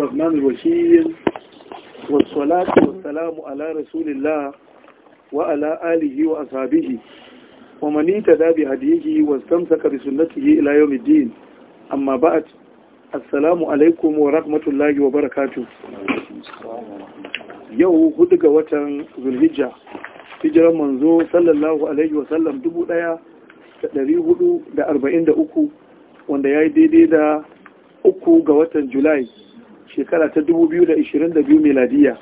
الرحمن الرحيم والصلاة والسلام على رسول الله وعلى آله وأصحابه ومن اهتدى بهديه واستمسك بسنته إلى يوم الدين أما بعد السلام عليكم ورحمة الله وبركاته yau hudu ga watan zulhijja hijiran manzo sallallahu alaihi wasallam dubu daya da dari hudu da arba'in da uku wanda ya yi daidai da uku ga watan julai shekara ta 2022 miladiya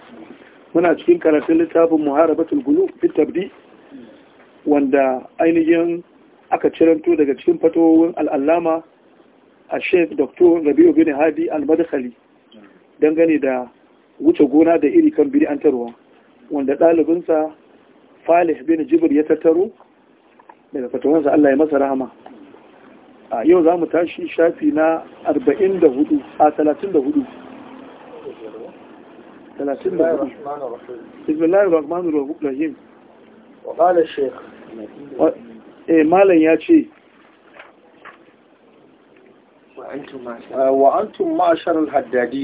muna cikin karatun littafin muharabatul gulu fi wanda ainihin aka ciranto daga cikin fatowin al'allama a sheik dr rabiu bin hadi al don dangane da wuce gona da iri kan bid'antarwa wanda ɗalibinsa falih bin jibir ya tattaro daga fatawansa Allah ya masa rahama a yau za mu tashi shafi na 44 a 34 ثلاثين a الله الرحمن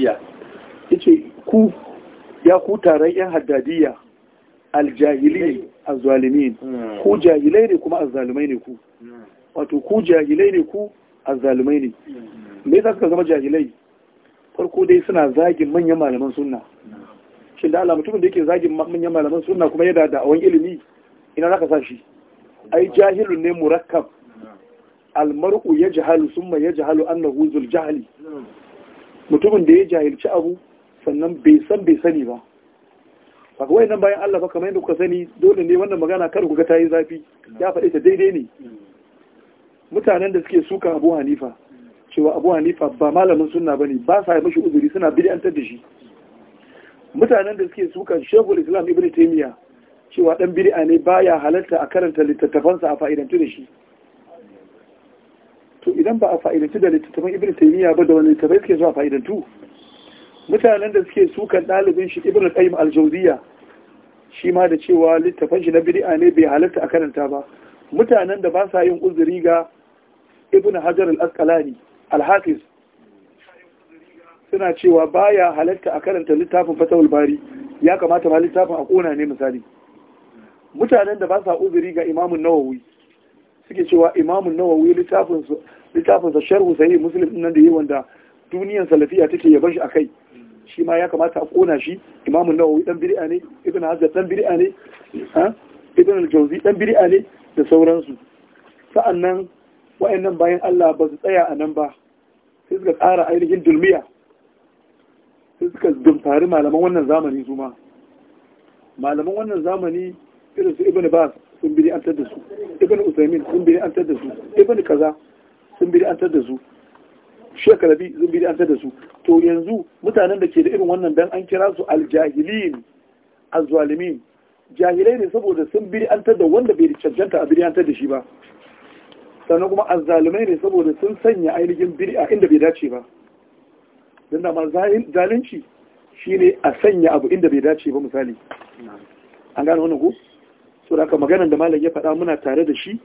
ya ce ku ya ku taron yan haddadiya aljahili azzalimin ku jahilai ne kuma azzalumai ne ku wato ku jahilai ne ku azzalumai ne me za ka zama jahilai farko dai suna zagin manyan malaman sunna shin da Allah mutumin da yake zagin manyan malaman sunna kuma yana da awan ilimi ina zaka sa shi ai jahilun ne murakkab almar'u yajhalu summa yajhalu annahu zul jahli mutumin da ya jahilci abu sannan bai san bai sani ba haka wai nan bayan Allah ba kamar yadda kuka sani dole ne wannan magana kar ku ga tayi zafi ya faɗi ta daidai ne mutanen da suke suka Abu Hanifa cewa Abu Hanifa ba malamin sunna bane ba sa yi mashi uzuri suna bid'antar da shi mutanen da suke suka shekul islam ibn taimiyya cewa dan bid'a ne baya halarta a karanta littattafansa a fa'idantu da shi to idan ba a fa'idantu da littattafan ibn taimiyya ba da wani littattafai suke zuwa fa'idantu mutanen da suke sukan ɗalibin shi ibn qayyim al shi ma da cewa littafan shi na bid'a ne bai halarta a karanta ba mutanen da ba sa yin uzuri ga ibn hajar al-asqalani al-hafiz suna cewa baya halatta a karanta littafin fatawul bari ya kamata ma littafin a kona ne misali mutanen da ba sa uzuri ga imamun nawawi suke cewa imamun nawawi littafin sa sharhu sahih muslim nan da yi wanda duniyar salafiya take yaban shi akai shi ma ya kamata a kona shi imamun nawawi dan bid'a ne ibn hazar dan bid'a ne ibn al-jawzi dan bid'a ne da sauransu sa'annan wayannan bayan Allah ba su tsaya a nan ba sai suka ƙara ainihin dulmiya sai suka dumfari malaman wannan zamani su ma malaman wannan zamani irin su ibn bas sun biri an da su ibn usaimin sun biri an da su ibn kaza sun biri an da su shekarabi sun biri an da su to yanzu mutanen da ke da irin wannan dan an kira su aljahilin azzalimin jahilai ne saboda sun biri an da wanda bai da cancanta a biri an da shi ba sannan kuma azzalimai ne saboda sun sanya ainihin biri a inda bai dace ba don da ma zalunci shine a sanya abu inda bai dace ba misali an gane wannan ku? so da maganar da malam ya faɗa muna tare da shi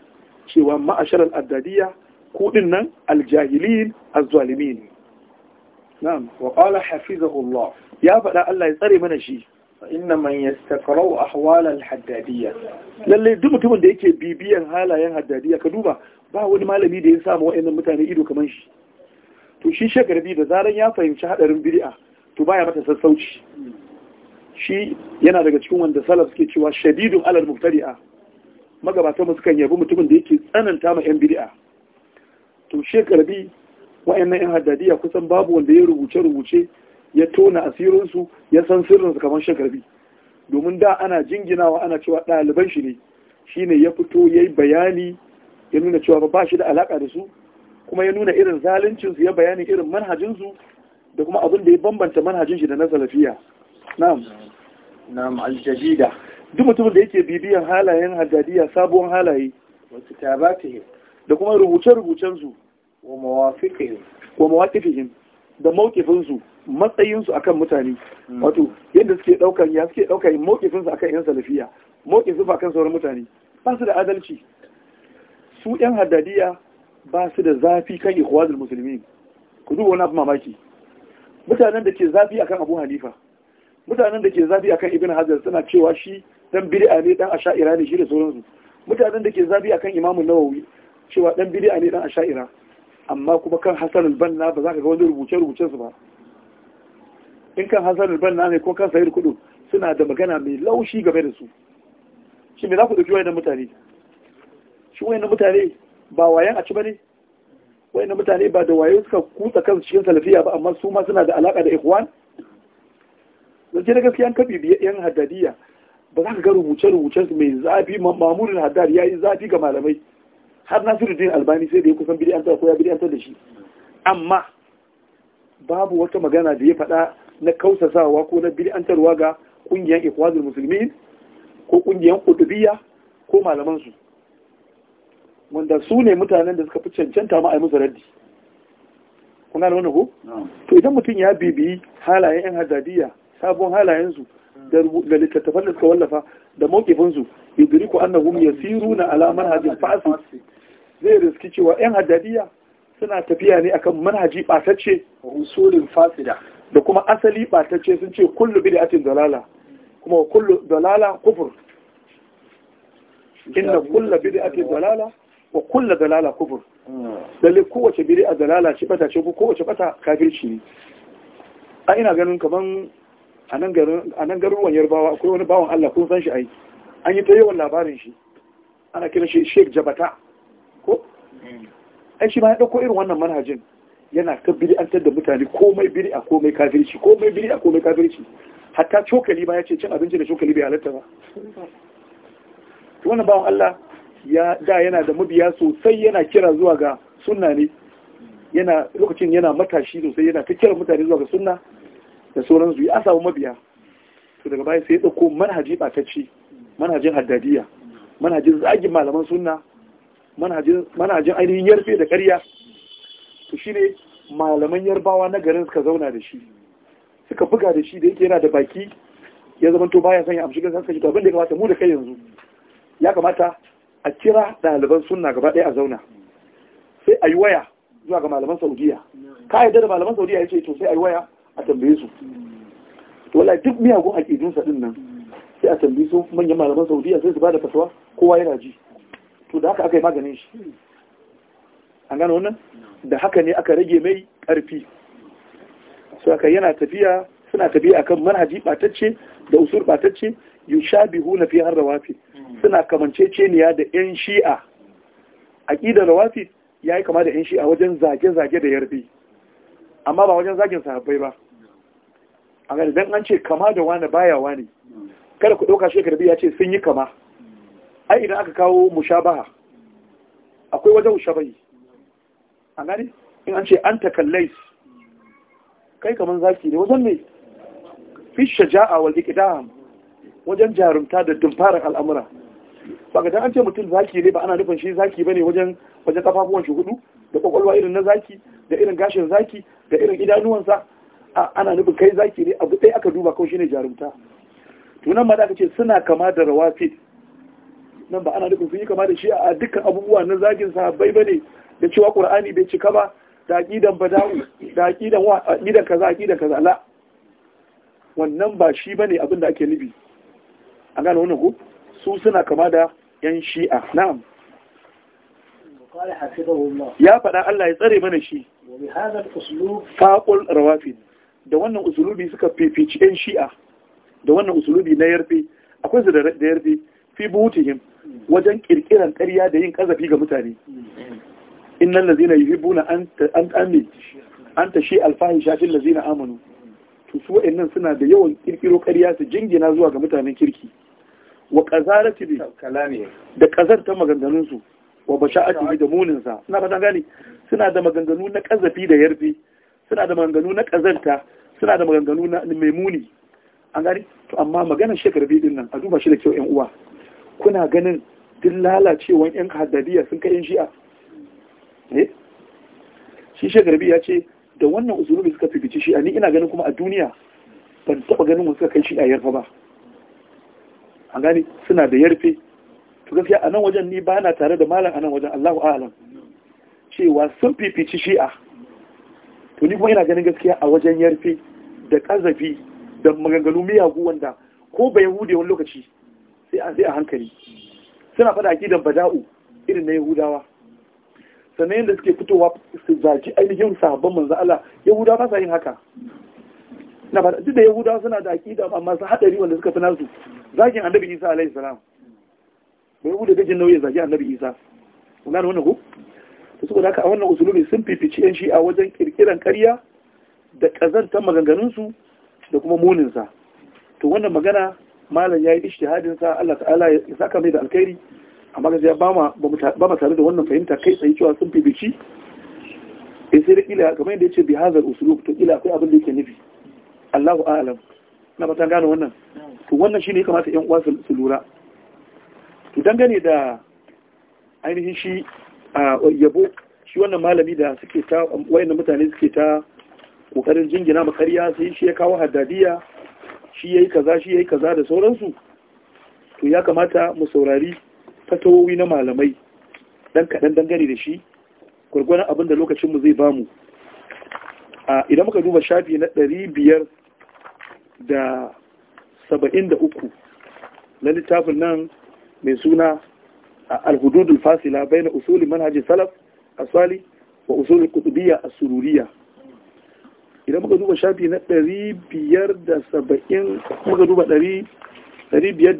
cewa ma'ashar al'addadiya kuɗin nan aljahilin azzalimin na'am wa qala hafizahullah ya faɗa Allah ya tsare mana shi inna man yastakrau ahwal al-haddadiyya lalle duk mutumin da yake bibiyan halayen haddadiyya ka duba ba wani malami da ya samu wa'annan mutane ido kamar shi to shi shagarbi da zaran ya fahimci hadarin bid'a to baya mata sassauci shi yana daga cikin wanda salaf suke cewa shadidun alal mubtadi'a magabata mu sukan yabi mutumin da yake tsananta ma yan bid'a to shekarbi wayannan yan haddadiya kusan babu wanda ya rubuce rubuce ya tona asirin su ya san sirrin su kamar shekarbi domin da ana jinginawa ana cewa ɗaliban shi ne shine ya fito yayi bayani ya nuna cewa ba shi da alaka da su kuma ya nuna irin zaluncinsu ya bayani irin manhajinsu da kuma abin da ya bambanta manhajin shi da na salafiya na'am na'am aljadida duk mutumin da yake bibiyan halayen hajjadiya sabuwar halaye wasu tabatihim da kuma rubuce-rubucensu wa mawafiqihim wa mawaqifihim da matsayin matsayinsu akan mutane hmm. wato yadda suke daukar ya suke daukar su akan yan salafiya mawqifin akan sauran mutane ba su da adalci su yan haddadiya ba su da zafi kan da musulmi ku duba wani abu mamaki mutanen da ke zafi akan abu hanifa mutanen da ke zafi akan ibn hajar suna cewa shi dan bid'a ne dan asha'ira ne shi da sauransu mutanen da ke zafi akan imamu nawawi cewa dan bid'a ne dan asha'ira amma kuma kan hasan al-banna ba za ka ga wani rubuce rubucen su ba in kan hasan al-banna ne ko kan sayyid kudu suna da magana mai laushi game da su shi me za ku dauki wayannan mutane shi wayannan mutane ba wayan a ci ba ne Wai na mutane ba da wayo suka kutsa kansu cikin salafiya ba amma su ma suna da alaka da ikhwan zance da gaskiya kabi biyan haddadiya ba za ka ga rubuce rubuce su mai zafi mamurin haddadi ya yi zafi ga malamai har din albani sai da ya kusan ta ko ya ta da shi amma babu wata magana da ya faɗa na kausasawa ko na bidiyantarwa ga ƙungiyar ikhwanul musulmin ko ƙungiyar ƙudubiyya ko malamansu wanda su ne mutanen da suka fi cancanta ma a yi musu raddi Kuna gane wannan ko to idan mutum ya bibiyi halayen yan hadadiya sabon halayensu da littattafan da suka wallafa da mawkifinsu ya annahum na alamar manhajin fasi zai riski cewa yan hadadiya suna tafiya ne akan manhaji batacce usulin fasida da kuma asali batacce sun ce kullu bid'atin dalala kuma kullu dalala kufur inna kullu bid'atin dalala wa kulla dalala kubur lalle kowace biri a dalala ce bata ce ko kowace bata kafirci ne a ina ganin kaman a nan garuruwan yarbawa akwai wani bawan Allah kun san shi ai an yi ta yawan labarin shi ana kira shi Sheikh Jabata ko ai shi ma ya dauko irin wannan manhajin yana ta bid'antar da mutane komai bid'a komai kafirci komai bid'a komai kafirci hatta cokali ba ya ce cin abinci da cokali bai halatta ba wannan bawan Allah ya da yana da mabiya sosai yana kira zuwa ga sunna ne yana lokacin yana matashi sosai yana ta kira mutane zuwa ga sunna da sauran zuwa ya samu mabiya to daga baya sai ya dauko manhaji ɓatacci manhajin haddadiya manhajin zagin malaman sunna manhajin manhajin ainihin yarfe da ƙarya to shine malaman yarbawa na garin suka zauna da shi suka buga da shi da yake yana da baki ya zama to baya son ya amshi gaskiya to abin da ya kamata mu da kai yanzu ya kamata a kira ɗaliban sunna gaba ɗaya a zauna sai a yi waya zuwa ga malaman saudiya ka da malaman saudiya ya ce to sai a yi waya a tambaye su wala duk miyagun aƙidunsa ɗin nan sai a tambaye su manyan malaman saudiya sai su ba da fasawa kowa yana ji to da haka aka yi maganin shi an gano wannan da haka ne aka rage mai ƙarfi su aka yana tafiya suna tafiya akan manhaji ɓatacce da usul ɓatacce yushabihu na fi har rawafi suna kamanceceniya da yan shi'a aqidar rawafi yayi kama da yan shi'a wajen zage zage da yarbi amma ba wajen zagin sahabbai ba a ga dan an ce kama da wani baya wani kada ku dauka shekara biya ce sun yi kama ai idan aka kawo mushabaha akwai wajen mushabahi a gani in an ce an takallais kai kaman zaki ne wajen ne fi shaja'a wal iqdam wajen jarumta da dumfarin al'amura ba ga an ce mutum zaki ne ba ana nufin shi zaki bane wajen wajen kafafuwan shi hudu da kwakwalwa irin na zaki da irin gashin zaki da irin idanuwansa ana nufin kai zaki ne abu ɗaya aka duba kawai shine jarumta Tunan nan ma da aka ce suna kama da rawafid nan ba ana nufin sun yi kama da shi a dukkan abubuwa na zagin sahabbai bane da cewa qur'ani bai cika ba da aqidan bada'u da aqidan wa aqidan kaza aqidan kaza la wannan ba shi bane abin da ake nufi an gane wannan ku su suna kama da yan shi'a na'am ya faɗa Allah ya tsare mana shi faƙul rawafin da wannan usulubi suka fifici yan shi'a da wannan usulubi na yarfe akwai su da yarfe fi buhutihim wajen kirkiran ƙarya da yin ƙazafi ga mutane innan lazina buna an ta shi alfahin shafin lazina amanu to su wa'annan suna da yawan kirkiro ƙarya su jingina zuwa ga mutanen kirki wa qazarati bi da ƙazartar maganganun su wa basha'ati da munin sa suna fatan gani suna da maganganu na ƙazafi da yarfi suna da maganganu na ƙazarta. suna da maganganu na muni. an gani to amma maganar shekar biyu din nan a duba shi da kyau yan uwa kuna ganin duk lalacewan yan haddadiya sun kai yan shi'a eh shi shekar ya ce da wannan usulubi suka fifici shi a ni ina ganin kuma a duniya ban taɓa ganin wasu kai shi a yarfa ba A gani suna da yarfe to gaskiya a nan wajen ni ba na tare da malam a nan wajen Allahu a'lam cewa sun fifici shi'a to ni kuma ina ganin gaskiya a wajen yarfe da kazafi da maganganu miyagu wanda ko bai hude wani lokaci sai a hankali suna faɗa akidan bada'u irin na yahudawa sannan yadda suke fitowa su zaki ainihin sabon manzo Allah yahuda ba sa yin haka na ba duk da yahuda suna da aqida amma su hadari wanda suka fi nasu zakin annabi Isa alaihi salam bai yahuda kake nauyi zaki annabi Isa kun gane wannan ko to saboda haka a wannan usulubi sun fifici yan shi'a wajen kirkiran karya da kazantar maganganun su da kuma munin to wannan magana malam yayi ishtihadin sa Allah ta'ala ya saka mai da alkhairi amma gaskiya ba ma ba ma tare da wannan fahimta kai tsaye cewa sun fi bici eh sai da ila kamar yadda ya ce bihazar usulu to ila akwai abin da yake nufi Allahu a'lam na ba ta gane wannan to wannan shine ya kamata 'yan uwa su lura to dangane da ainihin shi yabo shi wannan malami da suke ta wayannan mutane suke ta kokarin jingina makariya sai shi ya kawo haddadiya shi ya yi kaza shi ya yi kaza da sauransu to ya kamata mu saurari fatawowi na malamai dan kaɗan dangane da shi gwargwaron abin da lokacinmu zai bamu idan muka duba shafi na ɗari biyar da saba'in da uku na littafin nan mai suna alhududul fasila bai na usulin manhajin salaf asali wa usulin kudubiyya a sururiya idan muka duba shafi na ɗari biyar da saba'in muka duba ɗari biyar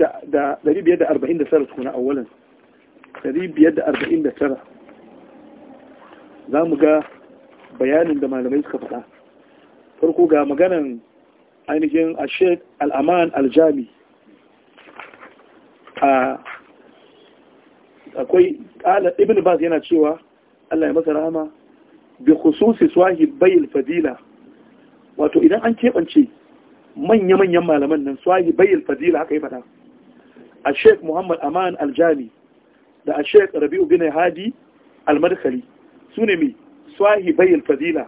da arba'in da tukuna kuna awalin 549 za mu ga bayanin da malamai suka faɗa farko ga maganan ainihin ashek al'aman aljami a akwai ƙala ibn bas yana cewa allah ya masa rahama bi khususi swahib fadila wato idan an keɓance manya-manyan malaman nan swahib bayil fadila haka yi faɗa a sheik muhammad aman aljami da a shek rabi'u bin hadi al su ne mai swahibai alfadila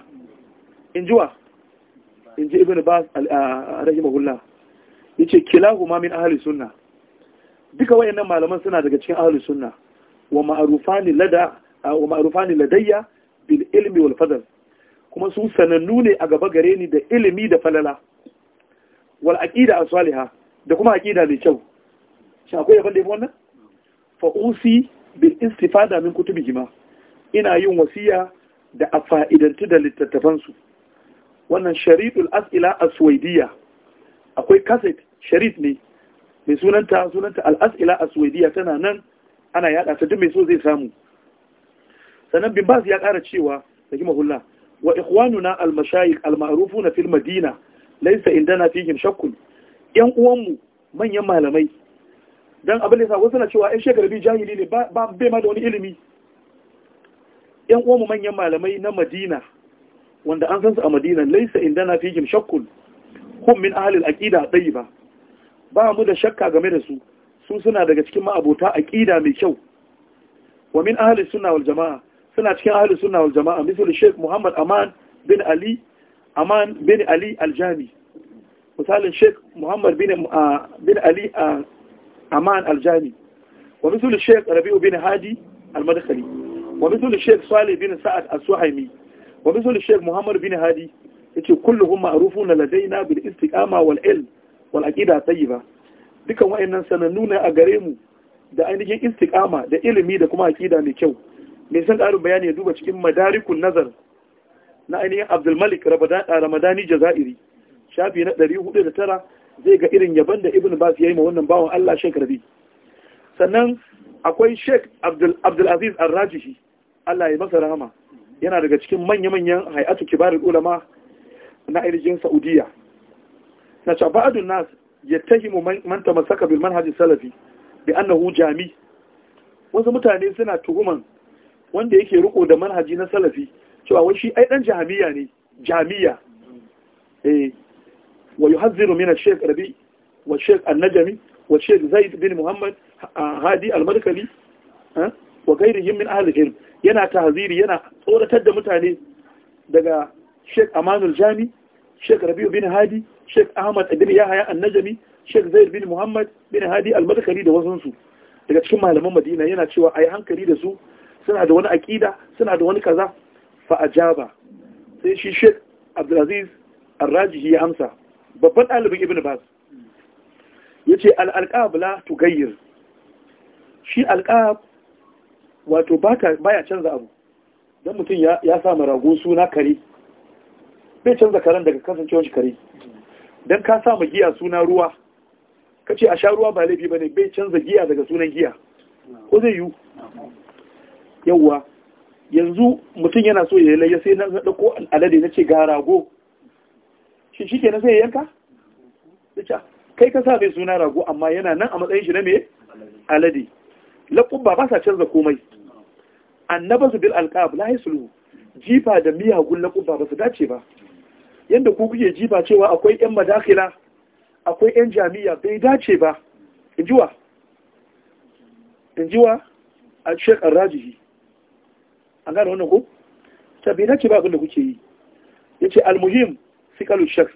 in ji wa in ji ibn bas rahimahullah ya ce kilahu ma min ahli sunna duka wayannan malaman suna daga cikin ahli sunna wa ma'arufani lada wa ma'rufani ladayya bil ilmi wal fadl kuma su sanannu ne a gaba gare ni da ilimi da falala wal aqida as-salihah da kuma aqida mai kyau shi akwai abin da yafi wannan fa'usi bin istifada min kutubihima ina yin wasiya da a fa'idantu da littattafansu wannan shari'ul as'ila a suwaidiya akwai kaset sharif ne mai sunanta sunanta al'as'ila a suwaidiya tana nan ana yada ta duk mai so zai samu sannan bin ya ƙara cewa da gima hula wa ikhwanuna al-mashayikh al-ma'rufuna fil madina laysa indana fihim shakkun yan uwanmu manyan malamai dan abin da wasu na cewa yan shekaru biyu jahili ne ba bai ma da wani ilimi Yan ɗan mu manyan malamai na madina wanda an san su a madina laisa inda na fikin shakkun Kun min ahlil aqida ɗayi ba ba mu da shakka game da su su suna daga cikin ma'abota aqida mai kyau wa min ahli sunna wal jama'a suna cikin ahli sunna wal jama'a misal Sheikh Muhammad Aman bin Ali Aman bin Ali al misalin Sheikh Muhammad bin ah, bin Ali ah, aman aljami wa mithlu shaykh rabi'u bin hadi al-madkhali wa mithlu shaykh bin sa'ad as-suhaimi wa mithlu muhammad bin hadi yace na ma'rufun ladaina bil istikama wal ilm wal aqida tayyiba dukan wayannan sanannu ne a gare mu da ainihin istikama da ilimi da kuma aqida mai kyau me san karin bayani ya duba cikin madarikun nazar na ainihin abdul malik ramadani jazairi shafi na ɗari da tara. zai ga irin yaban da ibn bas ya yi ma wannan bawan Allah Sheikh Rabi sannan akwai Sheikh Abdul Abdul Aziz rajihi Allah ya masa rahama yana daga cikin manya-manyan hay'atu kibarar ulama na irin Saudiya na cha ba'dun nas tahimu man masaka bil manhaj salafi bi annahu jami wasu mutane suna tuhuman wanda yake riko da manhaji na salafi cewa wai shi ai dan jami'a ne jami'a eh wa yuhazziru mina ash rabi wa ash-shaykh wa ash-shaykh bin muhammad hadi al-madkali wa ghayrihim min ahli ilm yana tahziri yana tsoratar da mutane daga sheikh amanul jami sheikh rabi'u bin hadi sheikh ahmad ibn yahya an-najmi sheikh zaid bin muhammad bin hadi al da wasansu daga cikin malaman madina yana cewa ayi hankali da su suna da wani aqida suna da wani kaza fa sai shi sheikh abdulaziz ar-rajihi ya amsa babban ɗalibin ibn bas ya ce al'alƙab la tugayyir shi al’alƙab wato baya canza abu don mutum ya samu rago suna kare bai canza karen daga kasancewar shi kare don ka samu giya suna ruwa ka ce a sha ruwa ba laifi ba ne bai canza giya daga sunan giya ko zai yiwu yawwa yanzu mutum yana so ya yi sai na ɗauko alade na ce ga rago shi shi kenan zai yanka kai ka sa mai suna rago amma yana nan a matsayin shi na me alade laƙubba ba sa canza komai annaba su bil alƙab la yaslu jifa da miyagun laƙubba ba su dace ba yanda ku kuke jifa cewa akwai yan madakila akwai yan jami'a bai dace ba injiwa injiwa a shek arrajihi an gane wannan ko ta bai dace ba abin da kuke yi yace almuhim sikalu shaks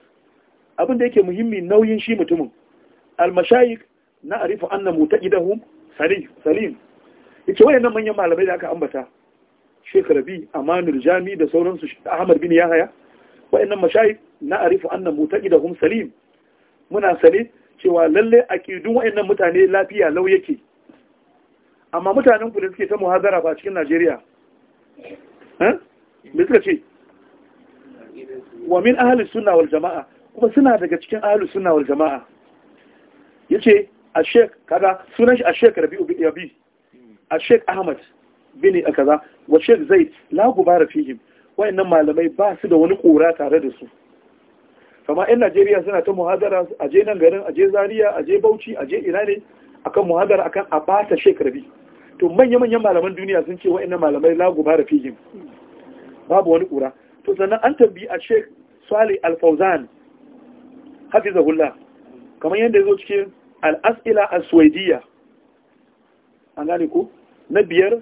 abin da yake muhimmi nauyin shi mutumin almashayik na arifu anna mutaqidahum salim salim yace wayannan manyan malamai da aka ambata Sheikh Rabi Amanul Jami da sauransu Ahmad bin Yahaya nan mashayik na arifu anna mutaqidahum salim muna sane cewa lalle wani wayannan mutane lafiya lau yake amma mutanen ku suke ta muhazara ba cikin Najeriya eh ce wa min ahli sunna wal jama'a kuma suna daga cikin ahli sunna wal jama'a yace a sheikh kaga sunan shi a sheikh rabi'u bin yabi a sheikh ahmad bin kaza wa sheikh zaid la gubara fihim wayannan malamai ba su da wani kura tare da su kama yan Najeriya suna ta muhadara a je nan garin a je Zaria a je Bauchi a je ina ne akan muhadara akan a bata Sheikh Rabi to manya manyan malaman duniya sun ce wayannan malamai la gubara fihim babu wani kura to sannan an tambayi a sheik salih al-fauzan hafizahullah kamar yadda ya zo cikin al'as'ila a suwaidiyya an gani ku na biyar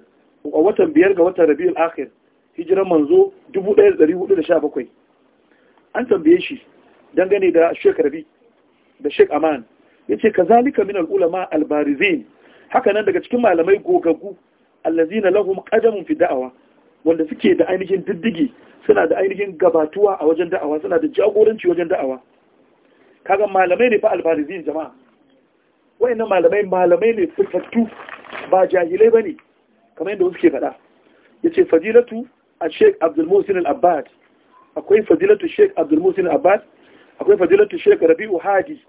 a watan biyar ga watan rabi al'akhir hijiran manzo 1417 an tambaye shi dangane da sheik rabi da sheik aman ya ce ka zalika min al'ulama albarizin haka nan daga cikin malamai gogaggu allazina lahum qadamun fi da'awa wanda suke da ainihin diddigi suna da ainihin gabatuwa a wajen da'awa suna da jagoranci wajen da'awa kaga malamai ne fa alfarizin jama'a wayannan malamai malamai ne fitattu ba jahilai bane kamar yadda wasu ke faɗa yace fadilatu a Sheikh Abdul Muhsin Al-Abbad akwai fadilatu Sheikh Abdul Muhsin Al-Abbad akwai fadilatu Sheikh Rabi'u Hadi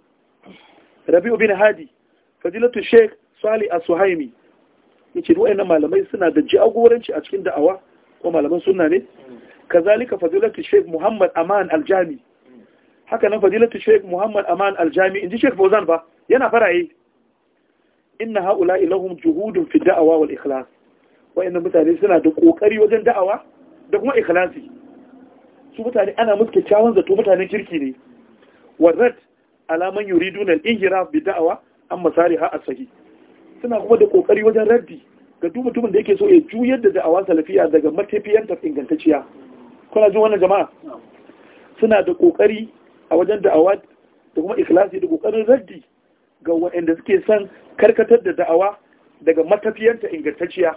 Rabi'u bin Hadi fadilatu Sheikh Salih As-Suhaimi yace wayannan malamai suna da jagoranci a cikin da'awa ko malaman sunna ne kazalika fadilatu sheikh muhammad aman aljami haka nan fadilatu sheikh muhammad aman aljami inji sheikh fauzan ba yana faraye inna haula ilahum juhudun fi da'awa wal ikhlas inna mutane suna da kokari wajen da'awa da kuma ikhlasi su mutane ana musu kyakkyawan zato mutanen kirki ne warrat alaman yuridu al-inhiraf bi da'awa amma sariha as-sahih suna kuma da kokari wajen raddi ga duk mutumin da yake so ya juyar da da'awar salafiya daga matafiyanta ingantacciya kuna jin wannan jama'a suna da kokari a wajen da'awa da kuma ikhlasi da kokarin raddi ga waɗanda suke son karkatar da da'awa daga matafiyanta ingantacciya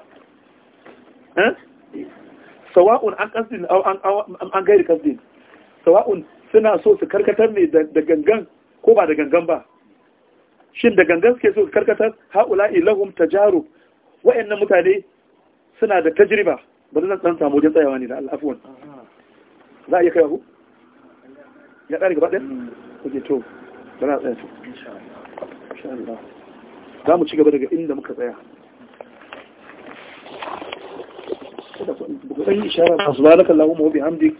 eh? sawa'un an kasdin an gairi kasdin sawa'un suna so su karkatar ne da gangan ko ba da gangan ba shin da gangan suke so su karkatar ha'ula'i lahum tajarub wa'annan mutane suna da tajriba ba zan san samu wajen tsayawa ne da Allah afwan za a iya kai ku ya kare gaba ɗaya kuke to ba za a tsaya to insha Allah za mu ci gaba daga inda muka tsaya بغير إشارة سبحانك hamdi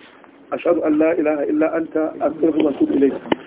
a أشهد Allah, ilaha illa anta أنت أستغفرك وأتوب إليك